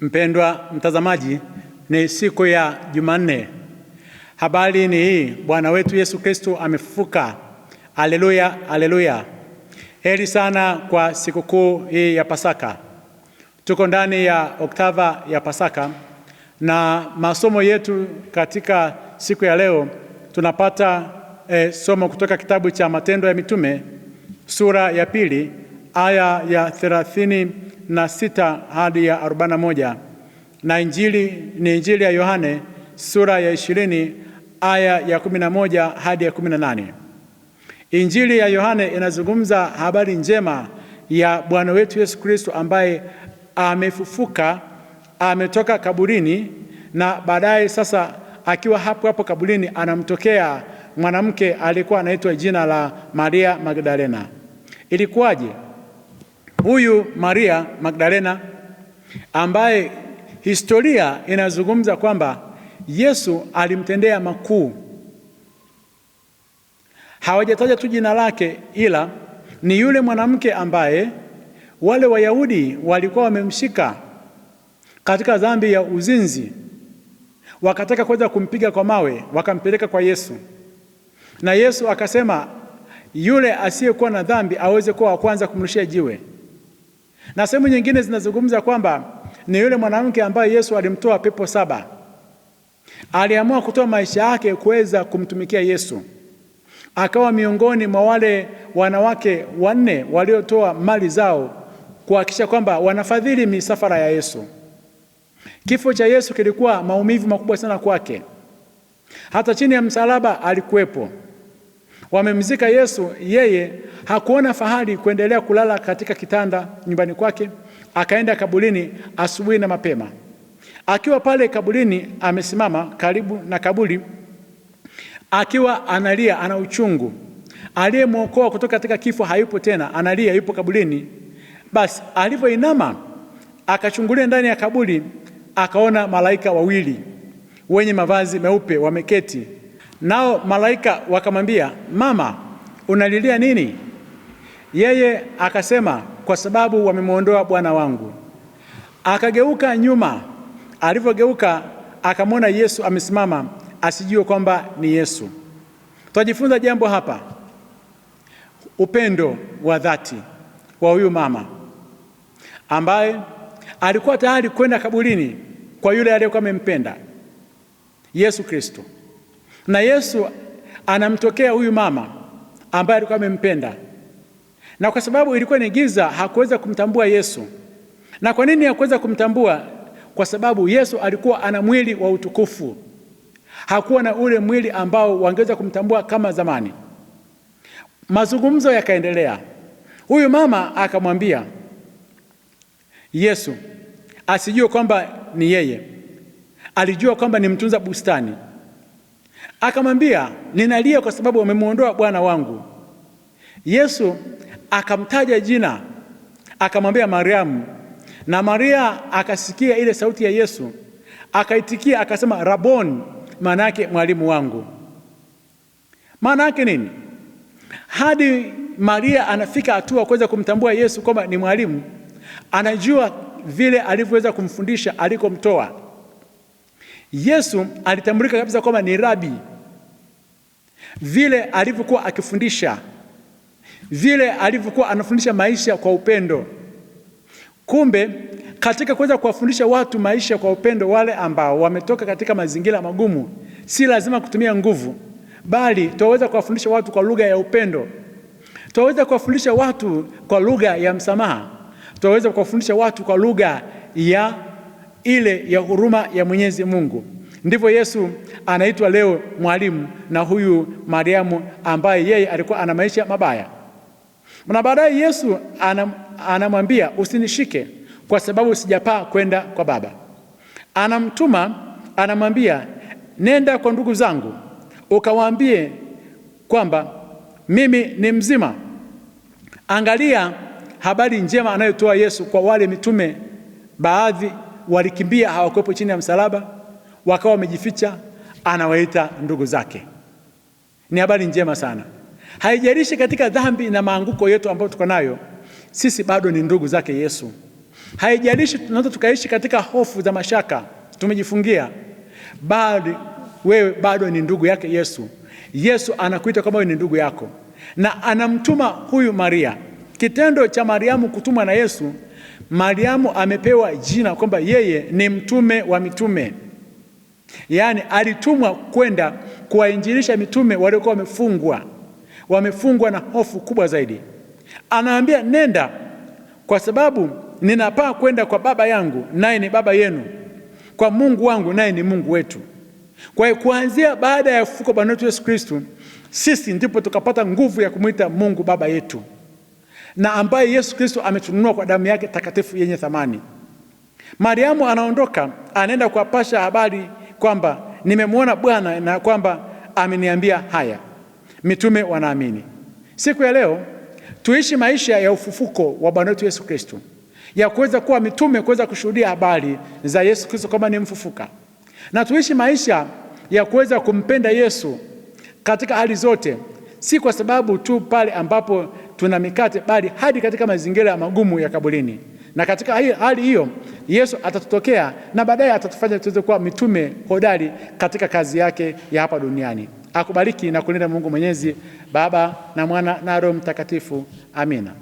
Mpendwa mtazamaji, ni siku ya Jumanne. Habari ni hii, Bwana wetu Yesu Kristo amefufuka. aleluya aleluya Heri sana kwa sikukuu hii ya Pasaka. Tuko ndani ya oktava ya Pasaka na masomo yetu katika siku ya leo tunapata eh, somo kutoka kitabu cha Matendo ya Mitume sura ya pili aya ya thelathini na sita hadi ya arobaini na moja na injili ni Injili ya Yohane sura ya ishirini aya ya kumi na moja hadi ya kumi na nane. Injili ya Yohane inazungumza habari njema ya Bwana wetu Yesu Kristo ambaye amefufuka, ametoka kaburini na baadaye sasa akiwa hapo hapo kaburini anamtokea mwanamke alikuwa anaitwa jina la Maria Magdalena. Ilikuwaje? huyu Maria Magdalena ambaye historia inazungumza kwamba Yesu alimtendea makuu. Hawajataja tu jina lake, ila ni yule mwanamke ambaye wale Wayahudi walikuwa wamemshika katika dhambi ya uzinzi, wakataka kuweza kumpiga kwa mawe, wakampeleka kwa Yesu, na Yesu akasema yule asiyekuwa na dhambi aweze kuwa wa kwanza kumrushia jiwe na sehemu nyingine zinazungumza kwamba ni yule mwanamke ambaye Yesu alimtoa pepo saba, aliamua kutoa maisha yake kuweza kumtumikia Yesu, akawa miongoni mwa wale wanawake wanne waliotoa mali zao kuhakikisha kwamba wanafadhili misafara ya Yesu. Kifo cha Yesu kilikuwa maumivu makubwa sana kwake, hata chini ya msalaba alikuwepo. Wamemzika Yesu, yeye hakuona fahari kuendelea kulala katika kitanda nyumbani kwake, akaenda kaburini asubuhi na mapema. Akiwa pale kaburini, amesimama karibu na kaburi, akiwa analia, ana uchungu. Aliyemwokoa kutoka katika kifo hayupo tena, analia, yupo kaburini. Basi alivyoinama akachungulia ndani ya kaburi, akaona malaika wawili wenye mavazi meupe wameketi Nao malaika wakamwambia, mama, unalilia nini? Yeye akasema, kwa sababu wamemwondoa bwana wangu. Akageuka nyuma, alivyogeuka akamwona Yesu amesimama, asijue kwamba ni Yesu. Twajifunza jambo hapa, upendo wa dhati wa huyu mama ambaye alikuwa tayari kwenda kaburini kwa yule aliyekuwa amempenda Yesu Kristo na Yesu anamtokea huyu mama ambaye alikuwa amempenda, na kwa sababu ilikuwa ni giza hakuweza kumtambua Yesu. Na kwa nini hakuweza kumtambua? Kwa sababu Yesu alikuwa ana mwili wa utukufu, hakuwa na ule mwili ambao wangeweza kumtambua kama zamani. Mazungumzo yakaendelea, huyu mama akamwambia Yesu asijue kwamba ni yeye, alijua kwamba ni mtunza bustani Akamwambia, ninalia kwa sababu wamemwondoa bwana wangu. Yesu akamtaja jina, akamwambia Mariamu, na Maria akasikia ile sauti ya Yesu, akaitikia akasema rabon maana yake mwalimu wangu. Maana yake nini? Hadi Maria anafika hatua kuweza kumtambua Yesu kwamba ni mwalimu, anajua vile alivyoweza kumfundisha alikomtoa Yesu. Alitambulika kabisa kwamba ni rabi, vile alivyokuwa akifundisha, vile alivyokuwa anafundisha maisha kwa upendo. Kumbe katika kuweza kuwafundisha watu maisha kwa upendo, wale ambao wametoka katika mazingira magumu, si lazima kutumia nguvu, bali tuwaweza kuwafundisha watu kwa lugha ya upendo, tunaweza kuwafundisha watu kwa lugha ya msamaha, tuwaweza kuwafundisha watu kwa lugha ya ile ya huruma ya Mwenyezi Mungu. Ndivyo Yesu anaitwa leo mwalimu na huyu Mariamu ambaye yeye alikuwa ana maisha mabaya, na baadaye Yesu anamwambia usinishike, kwa sababu sijapaa kwenda kwa Baba. Anamtuma, anamwambia nenda kwa ndugu zangu ukawaambie kwamba mimi ni mzima. Angalia habari njema anayotoa Yesu kwa wale mitume. Baadhi walikimbia, hawakuwepo chini ya msalaba wakawa wamejificha, anawaita ndugu zake. Ni habari njema sana. Haijalishi katika dhambi na maanguko yetu ambayo tuko nayo, sisi bado ni ndugu zake Yesu. Haijalishi tunaweza tukaishi katika hofu za mashaka, tumejifungia, bali wewe bado ni ndugu yake Yesu. Yesu anakuita kama wewe ni ndugu yako, na anamtuma huyu Maria. Kitendo cha Mariamu kutumwa na Yesu, Mariamu amepewa jina kwamba yeye ni mtume wa mitume. Yaani alitumwa kwenda kuwainjilisha mitume waliokuwa wamefungwa, wamefungwa na hofu kubwa zaidi. Anaambia, nenda kwa sababu ninapaa kwenda kwa Baba yangu naye ni Baba yenu, kwa Mungu wangu naye ni Mungu wetu. Kwa hiyo kuanzia baada ya ufufuko Bwana wetu Yesu Kristo, sisi ndipo tukapata nguvu ya kumwita Mungu Baba yetu, na ambaye Yesu Kristo ametununua kwa damu yake takatifu yenye thamani. Mariamu anaondoka anaenda kuwapasha habari kwamba nimemwona Bwana na kwamba ameniambia haya. Mitume wanaamini. Siku ya leo tuishi maisha ya ufufuko wa Bwana wetu Yesu Kristo, ya kuweza kuwa mitume, kuweza kushuhudia habari za Yesu Kristo kama ni mfufuka, na tuishi maisha ya kuweza kumpenda Yesu katika hali zote, si kwa sababu tu pale ambapo tuna mikate, bali hadi katika mazingira magumu ya kaburini na katika hali hiyo Yesu atatutokea na baadaye atatufanya tuweze kuwa mitume hodari katika kazi yake ya hapa duniani. Akubariki na kulinda Mungu Mwenyezi, Baba na Mwana na Roho Mtakatifu. Amina.